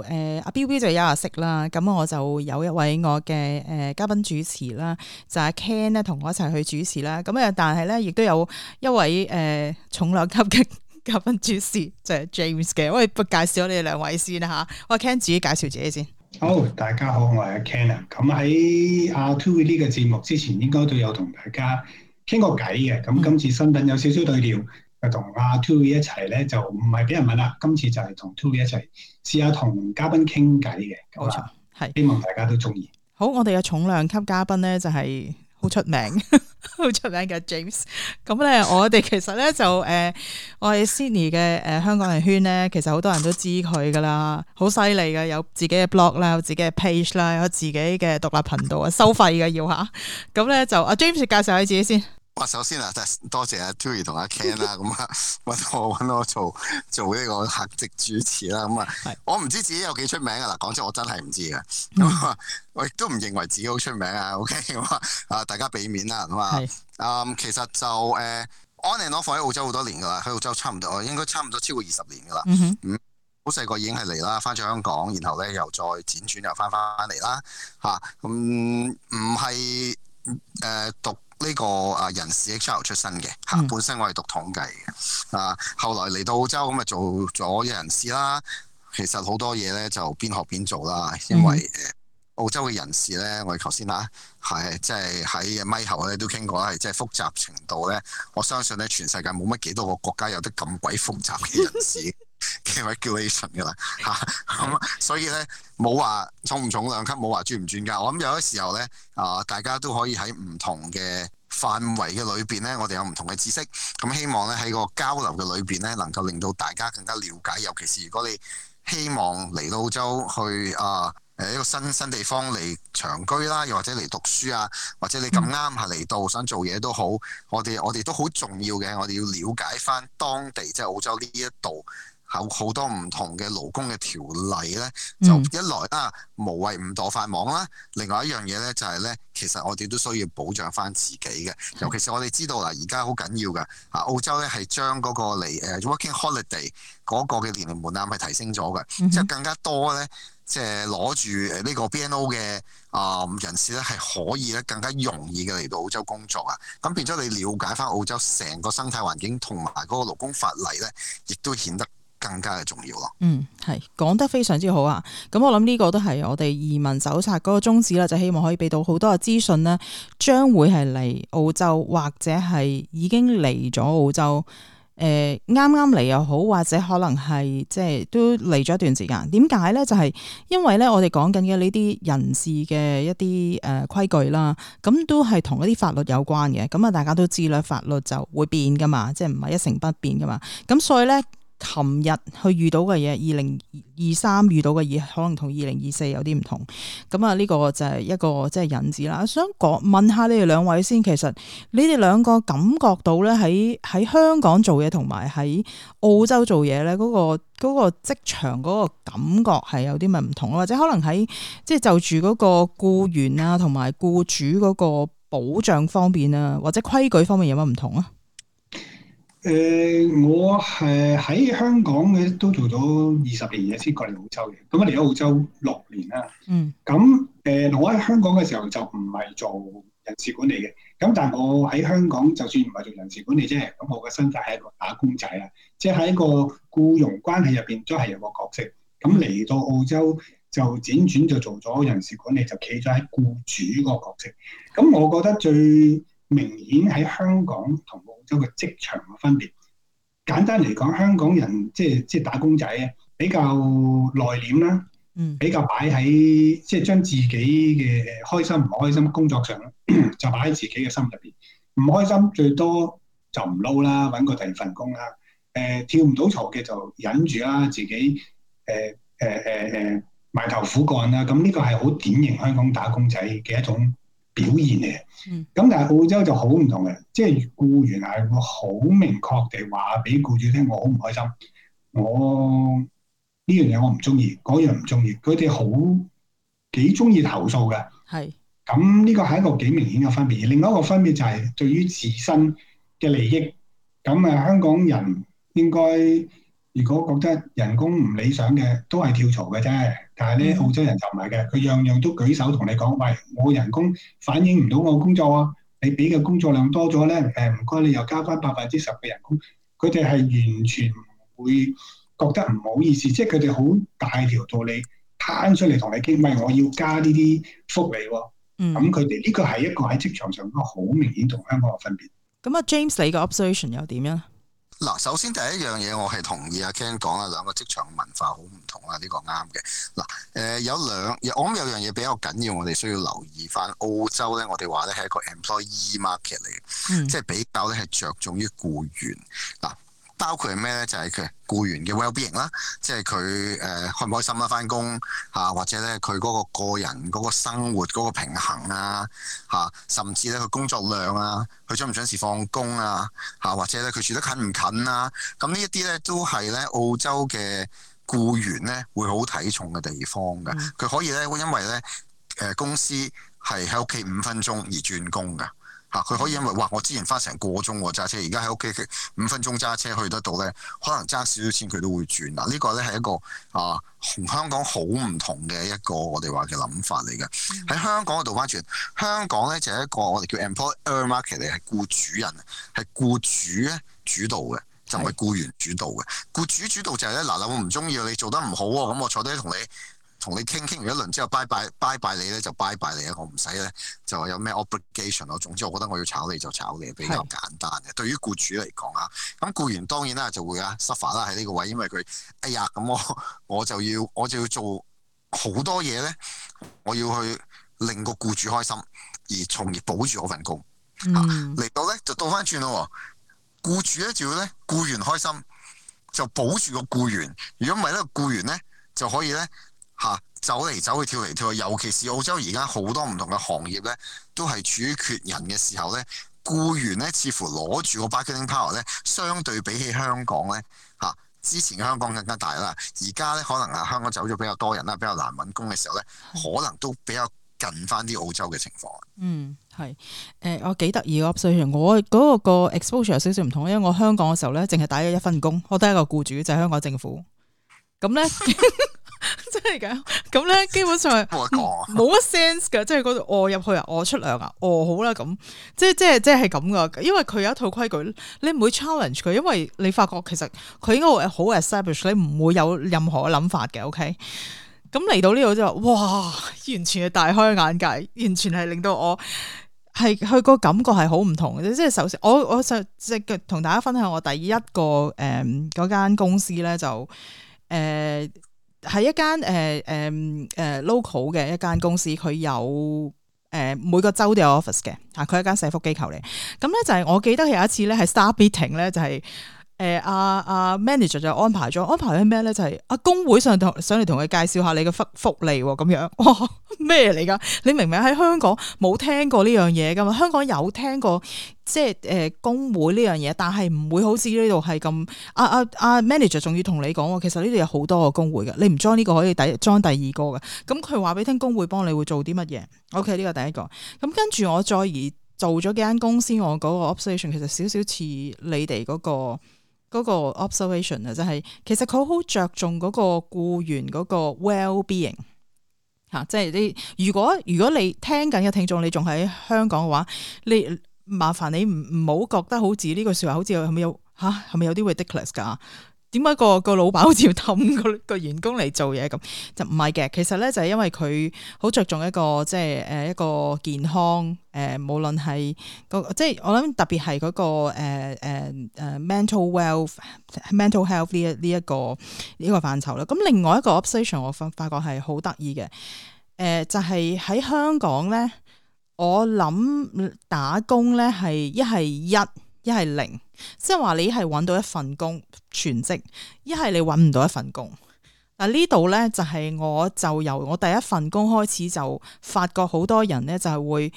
誒阿 Bill Bill 就有牙色啦。咁我就有一位我嘅誒、呃、嘉賓主持啦，就阿 Ken 咧同我一齊去主持啦。咁啊，但係咧亦都有一位誒重量級嘅嘉賓主持，就係、啊呃就是、James 嘅、啊。我哋介紹咗你哋兩位先嚇。我 Ken 自己介紹自己先。好，大家好，我係 Ken 啊。咁喺阿 Terry 呢個節目之前，應該都有同大家。傾過偈嘅，咁、嗯、今次新品有少少對調，同阿 Tury 一齊咧，就唔係俾人問啦。今次就係同 Tury 一齊試下同嘉賓傾偈嘅，冇錯，係，希望大家都中意。嗯、好，我哋嘅重量級嘉賓咧就係好出名、好 出名嘅 James。咁咧、呃，我哋其實咧就誒，我哋 Sydney 嘅誒香港人圈咧，其實好多人都知佢噶啦，好犀利噶，有自己嘅 blog 啦，有自己嘅 page 啦，有自己嘅獨立頻道啊，收費嘅要吓。咁咧就阿 James 介紹下自己先。首先啊，多謝阿 Tury 同阿 Ken 啦， 咁啊，我揾我做做呢個客席主持啦，咁啊，是我唔知自己有幾出名啊！嗱，講真，我真係唔知嘅，我亦都唔認為自己好出名啊。OK，咁啊，大家俾面啦，咁啊是、嗯，其實就誒，on and off 喺澳洲好多年㗎啦，喺澳洲差唔多，應該差唔多超過二十年㗎啦。嗯哼，嗯，好細個已經係嚟啦，翻咗香港，然後咧又再輾轉又翻返嚟啦，嚇、啊，咁唔係誒讀。呢個啊人事 excel 出身嘅嚇、啊，本身我係讀統計嘅啊，後來嚟到澳洲咁啊做咗人事啦。其實好多嘢咧就邊學邊做啦，嗯、因為、呃、澳洲嘅人事咧，我哋頭先吓，係即係喺咪後咧都傾過啦，係即係複雜程度咧，我相信咧全世界冇乜幾多個國家有得咁鬼複雜嘅人事。 regulation 嘅啦，嚇咁， 嗯、所以咧冇話重唔重量級，冇話專唔專家。我諗有啲時候咧，啊、呃，大家都可以喺唔同嘅範圍嘅裏邊咧，我哋有唔同嘅知識。咁、嗯、希望咧喺個交流嘅裏邊咧，能夠令到大家更加了解。尤其是如果你希望嚟到澳洲去啊，誒、呃、一個新新地方嚟長居啦，又或者嚟讀書啊，或者你咁啱係嚟到想做嘢都好，我哋我哋都好重要嘅。我哋要了解翻當地即係澳洲呢一度。好多唔同嘅勞工嘅條例呢，就一來、嗯、啊無謂誤墮法網啦，另外一樣嘢呢，就係、是、呢，其實我哋都需要保障翻自己嘅。嗯、尤其是我哋知道啦，而家好緊要㗎，啊澳洲呢係將嗰個嚟、uh, working holiday 嗰個嘅年齡門檻係提升咗嘅，即係、嗯、哼更加多呢，即係攞住呢個 BNO 嘅啊人士呢，係可以呢更加容易嘅嚟到澳洲工作啊。咁變咗你了解翻澳洲成個生態環境同埋嗰個勞工法例呢，亦都顯得更加嘅重要咯。嗯，係講得非常之好啊！咁我諗呢個都係我哋移民手冊嗰個宗旨啦，就希望可以俾到好多嘅資訊呢，將會係嚟澳洲或者係已經嚟咗澳洲，誒，啱啱嚟又好，或者可能係即係都嚟咗一段時間。點解呢？就係、是、因為呢，我哋講緊嘅呢啲人事嘅一啲誒規矩啦，咁都係同一啲法律有關嘅。咁啊，大家都知啦，法律就會變噶嘛，即係唔係一成不變噶嘛。咁所以呢。琴日去遇到嘅嘢，二零二三遇到嘅嘢，可能同二零二四有啲唔同。咁啊，呢個就係一個即係引子啦。想講問下你哋兩位先，其實你哋兩個感覺到咧喺喺香港做嘢同埋喺澳洲做嘢咧，嗰個嗰個職場嗰個感覺係有啲咪唔同，或者可能喺即係就住嗰個雇員啊同埋雇主嗰個保障方面啊，或者規矩方面有乜唔同啊？誒、呃，我係喺香港嘅，都做咗二十年嘢先過嚟澳洲嘅。咁我嚟咗澳洲六年啦。嗯。咁誒、呃，我喺香港嘅時候就唔係做人事管理嘅。咁但係我喺香港就算唔係做人事管理啫，咁我嘅身份係一個打工仔啊，即係喺個僱傭關係入邊都係有個角色。咁嚟到澳洲就輾轉就做咗人事管理，就企咗喺僱主個角色。咁我覺得最明顯喺香港同。咁個職場嘅分別，簡單嚟講，香港人即係即係打工仔啊，比較內斂啦，嗯、比較擺喺即係將自己嘅開心唔開心工作上 就擺喺自己嘅心裏邊。唔開心最多就唔撈啦，揾個第二份工啦。誒、呃、跳唔到槽嘅就忍住啦，自己誒誒誒誒埋頭苦幹啦。咁呢個係好典型香港打工仔嘅一種。表現嘅，咁、嗯、但係澳洲就好唔同嘅，即係僱員係會好明確地話俾僱主聽，我好唔開心，我呢樣嘢我唔中意，嗰樣唔中意，佢哋好幾中意投訴嘅，係是，咁呢個係一個幾明顯嘅分別。另外一個分別就係對於自身嘅利益，咁啊香港人應該。如果覺得人工唔理想嘅，都係跳槽嘅啫。但係咧，澳洲人就唔係嘅，佢樣樣都舉手同你講：喂，我人工反映唔到我工作啊！你俾嘅工作量多咗咧，誒唔該，你又加翻百分之十嘅人工。佢哋係完全唔會覺得唔好意思，即係佢哋好大條道理攤出嚟同你傾。喂，我要加呢啲福利喎、啊。咁佢哋呢個係一個喺職場上邊好明顯同香港嘅分別。咁啊、嗯 嗯、James，你嘅 observation 又點樣？嗱，首先第一樣嘢，我係同意阿 Ken 講啊，兩個職場文化好唔同啊，呢、這個啱嘅。嗱、呃，誒有兩，我諗有樣嘢比較緊要，我哋需要留意返。澳洲咧，我哋話咧係一個 employee market 嚟嘅，嗯、即係比較咧係着重於僱員嗱。包括係咩咧？就係、是、佢僱員嘅 well-being 啦，即係佢誒開唔開心啊，翻工嚇，或者咧佢嗰個個人嗰個生活嗰個平衡啊嚇、啊，甚至咧佢工作量啊，佢準唔準時放工啊嚇、啊，或者咧佢住得近唔近啊？咁、啊、呢一啲咧都係咧澳洲嘅僱員咧會好睇重嘅地方嘅，佢、嗯、可以咧會因為咧誒公司係喺屋企五分鐘而轉工㗎。吓佢、啊、可以因為哇，我之前花成個鐘揸車，而家喺屋企佢五分鐘揸車去得到呢，可能揸少少錢佢都會轉嗱，呢個呢係一個啊，同香港好唔同嘅一個我哋話嘅諗法嚟嘅。喺、嗯、香港嘅倒翻轉，香港呢就係、是、一個我哋叫 employer market 嚟，係雇主人，係雇主主導嘅，就唔係雇員主導嘅。雇主主導就係咧嗱，我唔中意你做得唔好啊，咁我坐低同你。同你傾傾完一輪之後，拜拜拜拜你咧就拜拜你啊！我唔使咧就話有咩 obligation 咯。總之，我覺得我要炒你就炒你，比較簡單嘅。的對於僱主嚟講啊，咁僱員當然啦，就會啊，suffer 啦喺呢個位，因為佢哎呀咁我我就要我就要做好多嘢咧，我要去令個僱主開心，而從而保住我份工。嚟、嗯啊、到咧就倒翻轉咯，僱主咧就要咧僱員開心，就保住個僱員。如果唔係咧，僱員咧就可以咧。吓走嚟走去跳嚟跳去，尤其是澳洲而家好多唔同嘅行業咧，都係處於缺人嘅時候咧。僱員咧似乎攞住個 bargaining power 咧，相對比起香港咧，吓之前香港更加大啦。而家咧可能啊，香港走咗比較多人啦，比較難搵工嘅時候咧，可能都比較近翻啲澳洲嘅情況。嗯，係誒、呃，我幾得意個 observation 我嗰個個 exposure 有少少唔同，因為我香港嘅時候咧，淨係打咗一份工，我得一個僱主就係、是、香港政府。咁咧。 真係噶，咁咧 基本上係冇乜 sense 噶， 即係嗰度我入去啊，我、哦、出糧啊，哦，好啦咁，即係即係即係咁噶，因為佢有一套規矩，你唔會 challenge 佢，因為你發覺其實佢應該會好 establish，你唔會有任何嘅諗法嘅。OK，咁嚟到呢度之後就哇，完全係大開眼界，完全係令到我係佢個感覺係好唔同嘅，即係首先我我就即係同大家分享我第一個誒嗰間公司咧就誒。嗯係一間誒誒誒 local 嘅一間公司，佢有誒、uh, 每個州都有 office 嘅，嚇佢係一間社福機構嚟。咁、嗯、咧就係、是、我記得有一次咧係 star beating 咧就係、是。誒，阿阿、呃啊啊、manager 就安排咗，安排咗咩咧？就係、是、阿、啊、工會上同上嚟，同佢介紹下你嘅福福利咁、哦、樣，哇咩嚟噶？你明明喺香港冇聽過呢樣嘢噶嘛？香港有聽過即係誒、呃、工會呢樣嘢，但係唔會好似呢度係咁。阿、啊、阿阿、啊啊、manager 仲要同你講，其實呢度有好多個工會嘅，你唔 join 呢個可以第 join 第二個嘅。咁佢話俾聽工會幫你會做啲乜嘢？OK 呢個第一個。咁跟住我再而做咗幾間公司，我嗰個 observation 其實少少似你哋嗰、那個。嗰個 observation 個、well、啊，就係其實佢好着重嗰個雇員嗰個 well-being 吓。即係你如果如果你聽緊嘅聽眾，你仲喺香港嘅話，你麻煩你唔唔好覺得好似呢句説話好似係咪有吓係咪有啲 ridiculous 㗎？啊是點解個個老闆好似要氹個個員工嚟做嘢咁？就唔係嘅，其實咧就係因為佢好着重一個即係誒一個健康誒、呃，無論係即係我諗特別係嗰個誒誒誒 mental wealth，mental, wealth, mental health 呢一呢一個呢、個範疇啦。咁另外一個 obsession，我發發覺係好得意嘅誒，就係、是、喺香港咧，我諗打工咧係一係一。一係零，即係話你係搵到一份工全職，一係你搵唔到一份工。嗱，呢度咧就係、是，、我就由我第一份工開始就發覺好多人咧就係會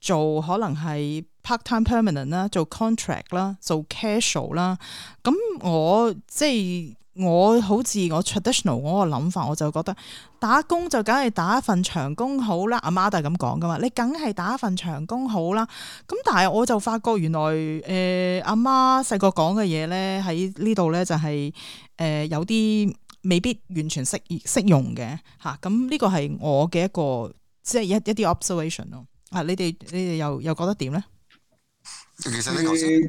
做可能係 part time permanent 啦，做 contract 啦，做 casual 啦。咁我即係。我好似我 traditional 我個諗法，我就覺得打工就梗係打一份長工好啦，阿媽都係咁講噶嘛，你梗係打一份長工好啦。咁但係我就發覺原來誒阿媽細個講嘅嘢咧喺呢度咧就係誒有啲未必完全適適用嘅吓。咁呢個係我嘅一個即係一一啲 observation 咯。啊，嗯就是、ervation, 啊你哋你哋又又覺得點咧？其實你頭先有，、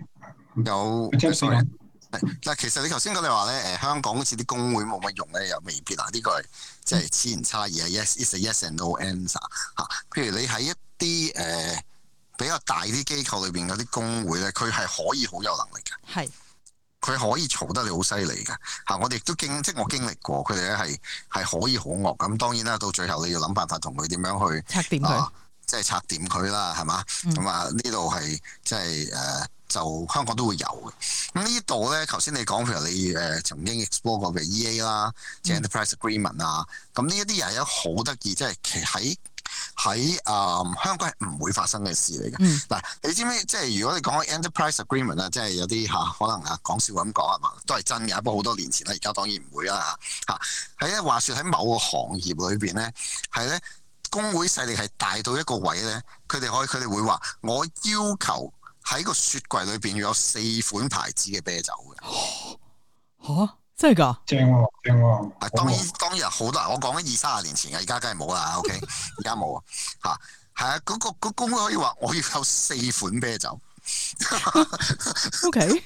呃、有。嗯 Sorry. 嗯嗱，其實你頭先講你話咧，誒、呃，香港好似啲工會冇乜用咧，又未必嗱。呢個即係此言差矣啊。Yes，it's yes and no answer 吓。譬如你喺一啲誒、呃、比較大啲機構裏邊嗰啲工會咧，佢係可以好有能力嘅，係佢是可以嘈得你好犀利嘅吓。我哋都經即係我經歷過，佢哋咧係係可以好惡咁。當然啦，到最後你要諗辦法同佢點樣去拆點即係拆點佢啦，係嘛？咁、嗯、啊，呢度係即係誒，就香港都會有嘅。咁呢度咧，頭先你講譬如你誒曾經探討過嘅 EA 啦、嗯、Enterprise Agreement 啊，咁呢一啲嘢咧好得意，即係其喺喺誒香港係唔會發生嘅事嚟嘅。嗱、嗯，你知唔知？即係如果你講 Enterprise Agreement 咧，即係有啲嚇可能啊笑講笑咁講係嘛，都係真嘅。不過好多年前啦，而家當然唔會啦嚇。嚇喺咧話說喺某個行業裏邊咧，係咧。工會勢力係大到一個位咧，佢哋可以，佢哋會話：我要求喺個雪櫃裏邊要有四款牌子嘅啤酒嘅。嚇、啊！真係㗎、啊？正喎、啊，正喎。係當然，當然好多人我講緊二三十年前嘅，而家梗係冇啦。OK，而家冇啊。嚇係啊！嗰個嗰工會可以話，我要有四款啤酒。 OK。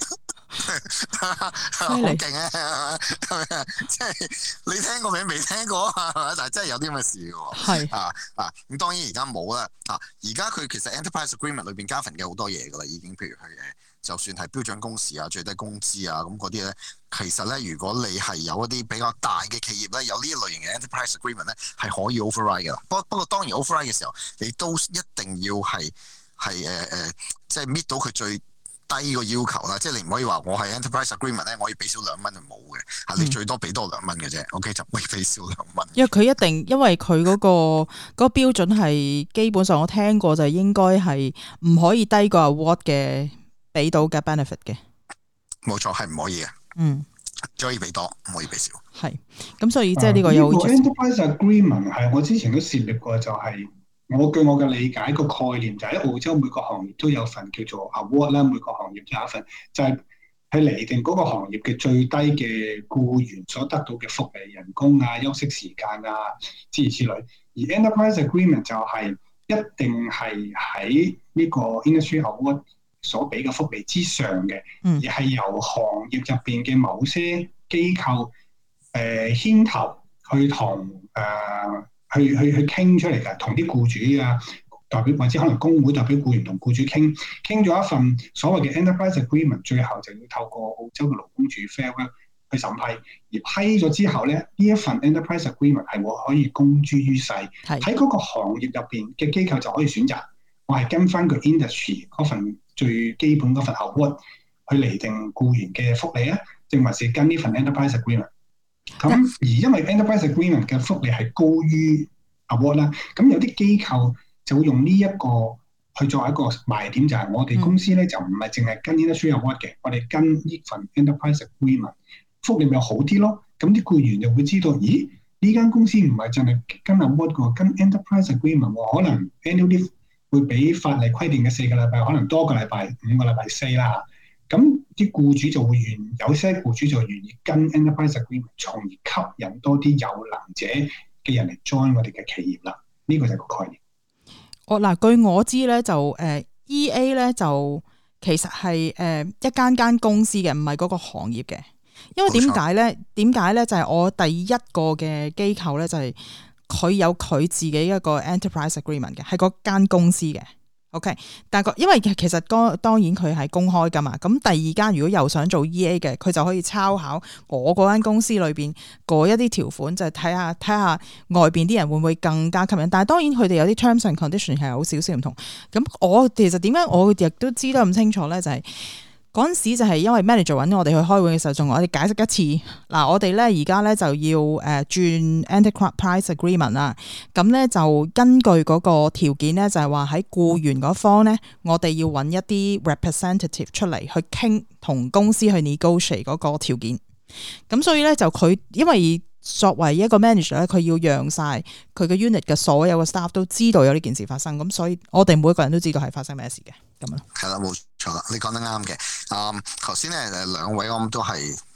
好勁啊！即係你聽過未？未聽過，但係真係有啲咁嘅事嘅。係啊啊！咁當然而家冇啦。啊，而家佢其實 enterprise agreement 裏邊加翻嘅好多嘢噶啦，已經譬如佢誒，就算係標準工時啊、最低工資啊咁嗰啲咧，其實咧如果你係有一啲比較大嘅企業咧，有呢一類型嘅 enterprise agreement 咧，係可以 override 嘅。不過，不過當然 override 嘅時候，你都一定要係係誒誒，即係搣到佢最低個要求啦，即係你唔可以話我係 enterprise agreement 咧，我可以俾少兩蚊就冇嘅，嚇、嗯、你最多俾多兩蚊嘅啫。OK 就唔可以俾少兩蚊。因為佢一定，因為佢嗰、那個嗰 個標準係基本上我聽過就應該係唔可以低過 award 嘅俾到嘅 benefit 嘅。冇錯，係唔可以嘅。嗯，只可以俾多，唔可以俾少。係咁，所以、嗯、即係是呢個 enterprise agreement 係是我之前都涉獵過，就係、是。我據我嘅理解，個概念就喺澳洲每個行業都有份叫做 award 啦，每個行業有一份，就係去嚟定嗰個行業嘅最低嘅僱員所得到嘅福利、人工啊、休息時間啊諸如此類。而 enterprise agreement 就係一定係喺呢個 industry award 所俾嘅福利之上嘅，嗯、而係由行業入邊嘅某些機構誒、呃、牽頭去同誒。呃去去去傾出嚟㗎，同啲僱主啊代表，或者可能工會代表僱員同僱主傾傾咗一份所謂嘅 enterprise agreement，最後就要透過澳洲嘅勞工處 Fair Work 去審批，而批咗之後咧，呢一份 enterprise agreement 係我可以公諸於世，喺嗰是個行業入邊嘅機構就可以選擇，我係跟翻個 industry 嗰份最基本嗰份 Award 去嚟定僱員嘅福利啊，定還是跟呢份 enterprise agreement。咁、嗯、而因為 enterprise agreement 嘅福利係高於 award 啦，咁有啲機構就會用呢一個去作為一個賣點，就係、是、我哋公司咧、嗯、就唔係淨係跟呢啲 industry award 嘅，我哋跟呢份 enterprise agreement 福利咪好啲咯。咁啲僱員就會知道，咦？呢間公司唔係淨係跟 award 個，跟 enterprise agreement、哦、可能 annual leave 會比法例規定嘅四個禮拜可能多個禮拜，五個禮拜四禮拜啦。咁啲雇主就會願，有些雇主就願意跟 Enterprise Agreement，從而吸引多啲有能者嘅人嚟 join 我哋嘅企業啦。呢、這個就係個概念。我嗱、哦、據我知咧，就誒、呃、EA 咧就其實係誒、呃、一間間公司嘅，唔係嗰個行業嘅。因為點解咧？點解咧？就係、是、我第一個嘅機構咧，就係佢有佢自己一個 Enterprise Agreement 嘅，係嗰間公司嘅。OK，但個因為其實當當然佢係公開噶嘛，咁第二間如果又想做 EA 嘅，佢就可以抄考我嗰間公司裏邊嗰一啲條款，就睇下睇下外邊啲人會唔會更加吸引，但係當然佢哋有啲 terms and condition 係有少少唔同。咁我其實點解我亦都知得咁清楚咧，就係、是。嗰陣時就係因為 manager 揾我哋去開會嘅時候，仲我哋解釋一次。嗱，我哋咧而家咧就要誒轉 enterprise agreement 啦。咁咧就根據嗰個條件咧，就係話喺僱員嗰方咧，我哋要揾一啲 representative 出嚟去傾，同公司去 negotiate 嗰個條件。咁所以咧就佢因為。作為一個 manager 咧，佢要讓晒佢嘅 unit 嘅所有嘅 staff 都知道有呢件事發生，咁所以我哋每個人都知道係發生咩事嘅，咁樣，係啦，冇錯啦，你講得啱嘅，嗯、um，頭先咧誒兩位我諗都係。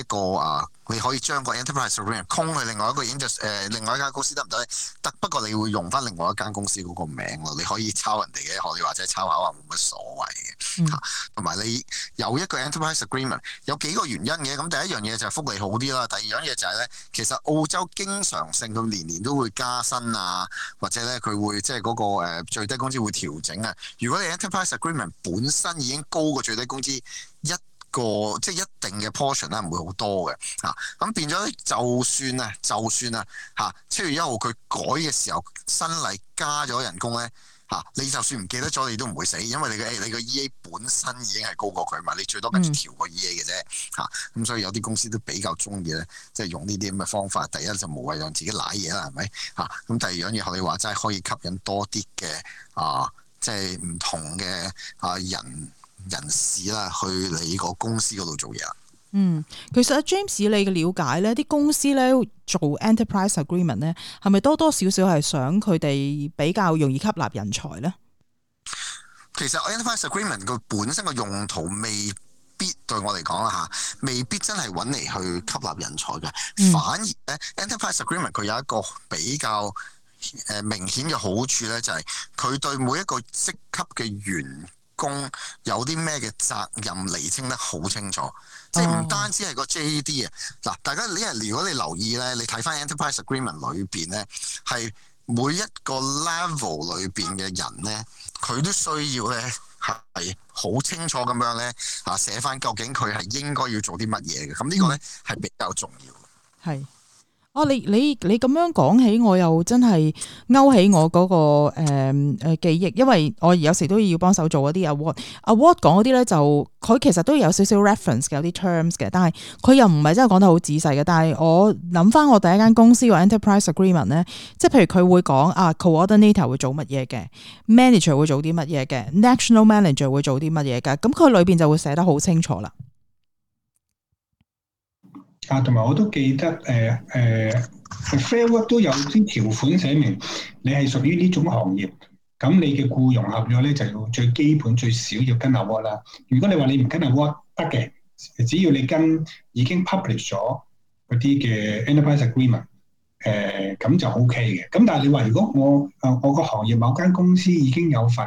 一個啊，你可以將個 enterprise agreement 空去另外一個 i、呃、另外一間公司得唔得？得，不過你會用翻另外一間公司嗰個名喎，你可以抄人哋嘅，或者抄下話冇乜所謂嘅。同埋、嗯、你有一個 enterprise agreement 有幾個原因嘅，咁第一樣嘢就係福利好啲啦，第二樣嘢就係、是、咧，其實澳洲經常性佢年年都會加薪啊，或者咧佢會即係嗰、那個、呃、最低工資會調整啊。如果你 enterprise agreement 本身已經高過最低工資一個即係一定嘅 portion 咧，唔會好多嘅嚇。咁變咗，就算咧，就算咧嚇，七、啊、月一號佢改嘅時候新例加咗人工咧嚇、啊，你就算唔記得咗，你都唔會死，因為你嘅你嘅 E A 本身已經係高過佢嘛，你最多跟住調個 E A 嘅啫嚇。咁、嗯啊、所以有啲公司都比較中意咧，即、就、係、是、用呢啲咁嘅方法。第一就無謂讓自己舐嘢啦，係咪嚇？咁、啊、第二樣嘢後，你話齋可以吸引多啲嘅啊，即係唔同嘅啊人。人士啦，去你個公司嗰度做嘢啦。嗯，其實阿 James，你嘅了解呢啲公司呢做 Enterprise Agreement 呢，係咪多多少少係想佢哋比較容易吸納人才呢？其實 Enterprise Agreement 佢本身嘅用途未必對我嚟講啊吓，未必真係搵嚟去吸納人才嘅。嗯、反而咧，Enterprise Agreement 佢有一個比較誒明顯嘅好處呢，就係、是、佢對每一個職級嘅員。公有啲咩嘅責任釐清得好清楚，即係唔單止係個 JD 啊。嗱，大家啲人如果你留意咧，你睇翻 Enterprise Agreement 裏邊咧，係每一個 level 裏邊嘅人咧，佢都需要咧係好清楚咁樣咧啊寫翻究竟佢係應該要做啲乜嘢嘅。咁、這、呢個咧係比較重要。係。哦，你你你咁樣講起，我又真係勾起我嗰、嗰個誒誒、嗯、記憶，因為我有時都要幫手做嗰啲 Award、Award 講嗰啲咧，就佢其實都有少少 reference 嘅，有啲 terms 嘅，但係佢又唔係真係講得好仔細嘅。但係我諗翻我第一間公司個 enterprise agreement 咧，即係譬如佢會講啊 coordinator、啊、會做乜嘢嘅，manager 會做啲乜嘢嘅，national manager 會做啲乜嘢嘅，啊」咁佢、啊、裏邊就會寫得好清楚啦。啊，同埋我都記得，誒、呃、誒、呃、 ，Fair Work 都有啲條款寫明，你係屬於呢種行業，咁你嘅僱傭合約咧就要最基本最少要跟下 Award 啦。如果你話你唔跟下 Award 得嘅，只要你跟已經 publish 咗嗰啲嘅 Enterprise Agreement，誒、呃、咁就 O K 嘅。咁但係你話如果我誒、呃、我個行業某間公司已經有份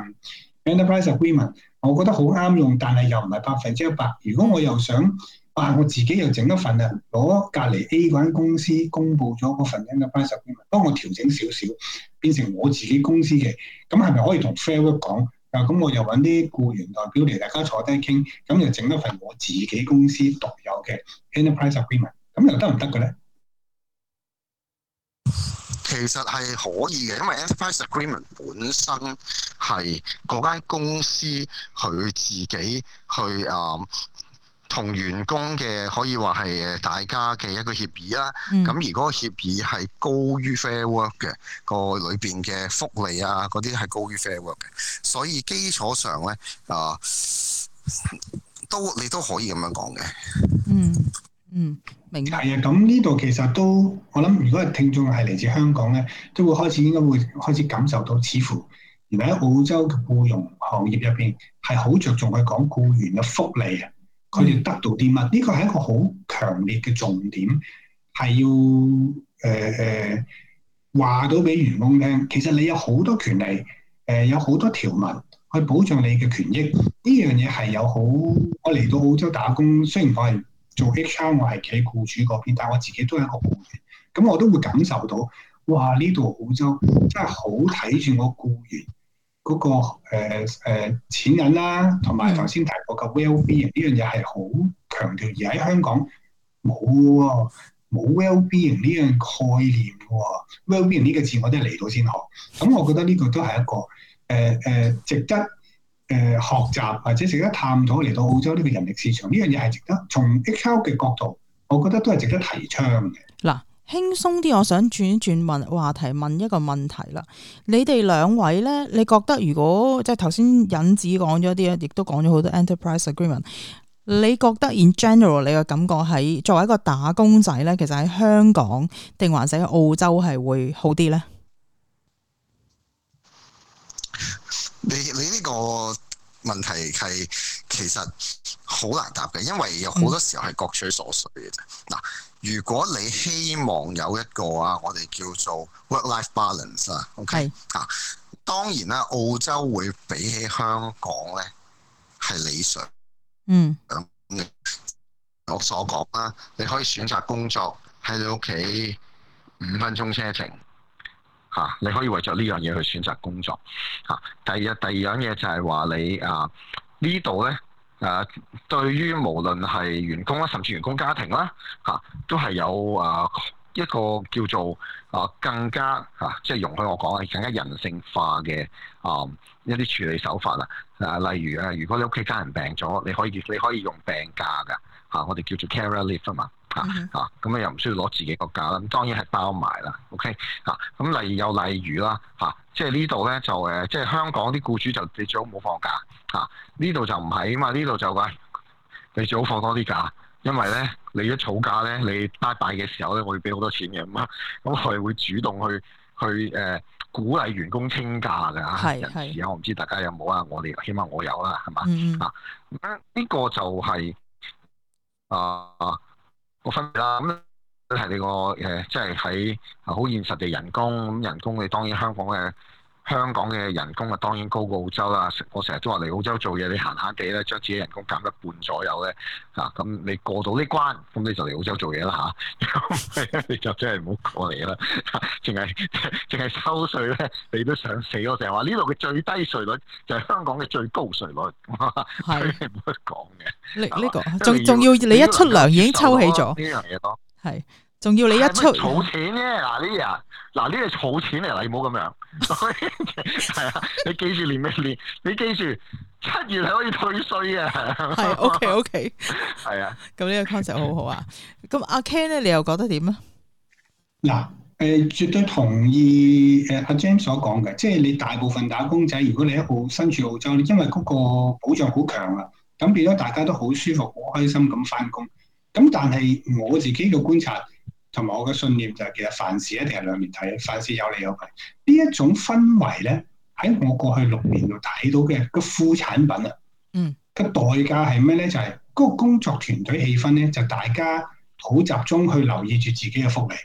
Enterprise Agreement，我覺得好啱用，但係又唔係百分之一百。如果我又想，啊！我自己又整一份啊，攞隔離 A 嗰間公司公布咗嗰份 enterprise agreement，幫我調整少少，變成我自己公司嘅，咁係咪可以同 Fairwork 講？啊、嗯，咁、嗯、我又揾啲僱員代表嚟，大家坐低傾，咁、嗯、又整一份我自己公司獨有嘅 enterprise agreement，咁又得唔得嘅咧？其實係可以嘅，因為 enterprise agreement 本身係嗰間公司佢自己去啊。嗯同員工嘅可以話係誒大家嘅一個協議啦。咁如果個協議係高於 fair work 嘅個裏邊嘅福利啊，嗰啲係高於 fair work 嘅，所以基礎上咧啊，都你都可以咁樣講嘅。嗯嗯，明白係啊。咁呢度其實都我諗，如果係聽眾係嚟自香港咧，都會開始應該會開始感受到，似乎原來喺澳洲嘅僱傭行業入邊係好着重去講僱員嘅福利啊。佢哋得到啲乜？呢個係一個好強烈嘅重點，係要誒誒、呃呃、話到俾員工聽。其實你有好多權利，誒、呃、有好多條文去保障你嘅權益。呢樣嘢係有好。我嚟到澳洲打工，雖然我係做 HR，我係企喺僱主嗰邊，但係我自己都係一個僱員，咁我都會感受到，哇！呢度澳洲真係好睇住我僱員。嗰、那個誒誒、呃呃、錢銀啦、啊，同埋頭先提過嘅 wellbeing 呢樣嘢係好強調，而喺香港冇冇 wellbeing 呢樣概念喎、啊，wellbeing 呢個字我都係嚟到先學。咁我覺得呢個都係一個誒誒、呃、值得誒、呃呃、學習，或者值得探討嚟到澳洲呢個人力市場呢樣嘢係值得從 H R 嘅角度，我覺得都係值得提倡嘅。輕鬆啲，我想轉一轉問話題，問一個問題啦。你哋兩位呢？你覺得如果即係頭先引子講咗啲，亦都講咗好多 Enterprise Agreement。你覺得 in general，你嘅感覺喺作為一個打工仔呢，其實喺香港定還是喺澳洲係會好啲呢？你你呢個問題係其實好難答嘅，因為有好多時候係各取所需嘅啫。嗱。如果你希望有一個啊，我哋叫做 work-life balance 啊，OK 是啊，當然啦，澳洲會比起香港咧係理想。嗯。兩、嗯，我所講啦，你可以選擇工作喺你屋企五分鐘車程，嚇、啊、你可以為咗呢樣嘢去選擇工作，嚇、啊。第二第二樣嘢就係話你啊呢度咧。誒對於無論係員工啦，甚至員工家庭啦，嚇都係有誒一個叫做誒更加嚇，即係容許我講啊，更加人性化嘅啊一啲處理手法啦。誒例如誒，如果你屋企家人病咗，你可以你可以用病假嘅嚇，我哋叫做 carer leave、mm hmm. 啊嘛嚇嚇，咁你又唔需要攞自己個假啦。咁當然係包埋啦。OK 嚇、啊，咁例如有例如啦嚇、啊，即係呢度咧就誒，即係香港啲僱主就你最好唔好放假。啊！呢度就唔係啊嘛，呢度就話、哎、你最好放多啲假，因為咧你一吵架咧，你拜拜嘅時候咧，我要俾好多錢嘅，咁啊，咁我哋會主動去去誒、呃、鼓勵員工清假噶，人事啊，我唔知大家有冇啊，我哋起碼我有啦，係嘛、嗯、啊？呢、這個就係啊個分別啦，咁係你個誒，即係喺好現實嘅人工，咁人，人工你當然香港嘅。香港嘅人工啊，當然高過澳洲啦。我成日都話嚟澳洲做嘢，你閒閒地咧，將自己人工減一半左右咧，啊，咁你過到呢關，咁你就嚟澳洲做嘢啦嚇。啊、 你就真係唔好過嚟啦。淨係淨係收稅咧，你都想死。我成日話呢度嘅最低稅率就係香港嘅最高稅率，係唔得講嘅。呢呢是、呢個仲仲要你一出糧已經抽起咗呢樣嘢多，係。仲要你一出儲錢啫，嗱呢啊，嗱呢個儲錢嚟、啊，你唔好咁樣。係 啊，你記住年咩年？你記住七月係可以退稅啊。係、 啊、，OK OK，係 啊，咁呢個 concept 好好啊。咁 阿 Ken 咧，你又覺得點啊？嗱，誒、呃，絕對同意誒阿、呃、James 所講嘅，即係你大部分打工仔，如果你一個身處澳洲，你因為嗰個保障好強啊，咁變咗大家都好舒服、好開心咁翻工。咁但係我自己嘅觀察。同埋我嘅信念就係其實凡事一定係兩面睇，凡事有利有弊。呢一種氛圍咧，喺我過去六年度睇到嘅個副產品啊，嗯，個代價係咩咧？就係、是、嗰個工作團隊氣氛咧，就大家好集中去留意住自己嘅福利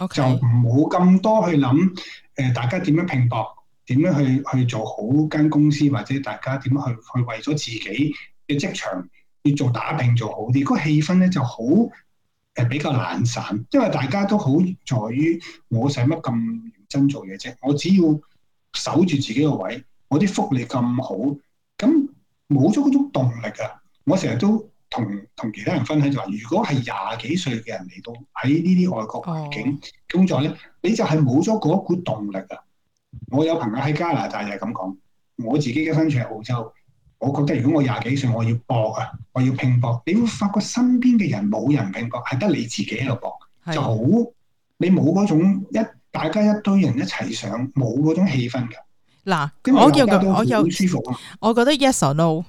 ，Okay. 就唔好咁多去諗誒、呃，大家點樣拼搏，點樣去去做好間公司，或者大家點樣去去為咗自己嘅職場要做打拼做好啲。嗰個氣氛咧就好，係比較懶散，因為大家都好在於我使乜咁認真做嘢啫。我只要守住自己個位，我啲福利咁好，咁冇咗嗰種動力啊！我成日都同同其他人分享就話：如果係廿幾歲嘅人嚟到喺呢啲外國境、oh. 工作咧，你就係冇咗嗰股動力啊！我有朋友喺加拿大就係咁講，我自己嘅身處喺澳洲，我覺得如果我廿幾歲，我要搏啊！我要拼搏，你會發覺身邊嘅人冇人拼搏，係得你自己喺度搏，就好的。你冇嗰種一大家一堆人一齊上，冇嗰種氣氛嘅。嗱喊，我又咁，我又舒服啊我我。我覺得 yes or no，誒、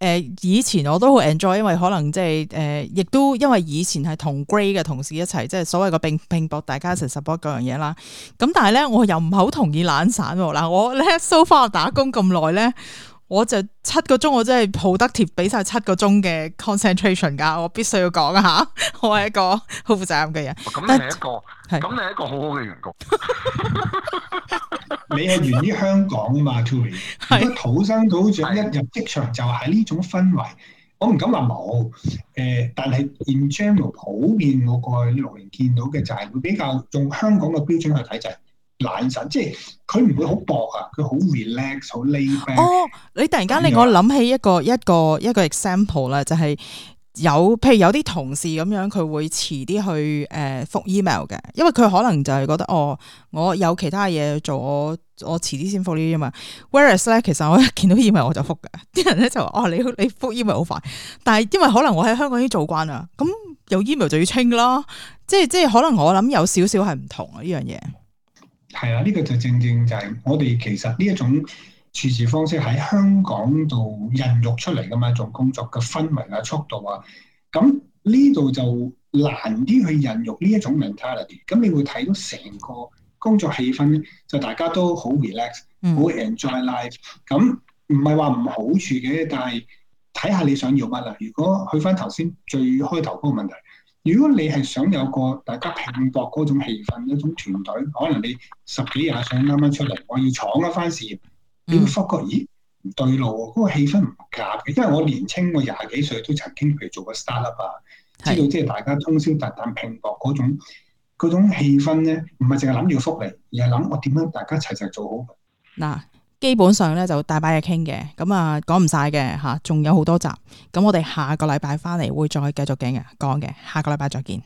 呃、以前我都好 enjoy，因為可能即係誒，亦、呃、都因為以前係同 grey 嘅同事一齊，即係所謂嘅拼拼搏，大家一齊 support 各樣嘢啦。咁但係咧，我又唔係好同意懶散喎。嗱，我咧 so far 打工咁耐咧。我就七個鐘，我真係抱得貼，俾晒七個鐘嘅 concentration 噶，我必須要講下，我係一個好負責任嘅人。咁你係一個，咁你係一個,是一個好好嘅員工。 你係源於香港啊嘛，Tury。係。 土生土長，一入職場就喺呢種氛圍，是我唔敢話冇。誒、呃，但係 in general 普遍我過去六年見到嘅就係會比較用香港嘅標準去睇制。懶神，即係佢唔會好薄啊，佢好 relax，好 lazy。哦，你突然間令我諗起一個這樣 一個一個 example 啦，就係、是，有譬如有啲同事咁樣，佢會遲啲去誒覆、呃、email 嘅，因為佢可能就係覺得哦，我有其他嘢做，我我遲啲先覆呢啲啊嘛。Whereas 咧，其實我一見到 email 我就覆嘅，啲人咧就話哦，你你覆 email 好快，但係因為可能我喺香港已經做慣啦，咁有 email 就要清啦，即係即係可能我諗有少少係唔同啊呢樣嘢。係啊，呢個就正正就係我哋其實呢一種處事方式喺香港度孕育出嚟噶嘛，做工作嘅氛圍啊、速度啊，咁呢度就難啲去孕育呢一種 mentality。咁你會睇到成個工作氣氛咧，就大家都好 relax，好 enjoy life。咁唔係話唔好處嘅，但係睇下你想要乜啦。如果去翻頭先最開頭嗰個問題。如果你係想有個大家拼搏嗰種氣氛，一種團隊，可能你十幾廿歲啱啱出嚟，我要闖一番事業，你會、嗯、發覺咦唔對路喎，嗰、嗰個氣氛唔夾嘅。因為我年輕，我廿幾歲都曾經譬如做過 startup 啊，up，知道即係大家通宵達旦拼搏嗰種嗰種氣氛咧，唔係淨係諗住福利，而係諗我點樣大家一齊做好。嗱。基本上咧就大把嘢傾嘅，咁啊講唔晒嘅吓，仲有好多集，咁我哋下個禮拜翻嚟會再繼續講嘅，講嘅，下個禮拜再見。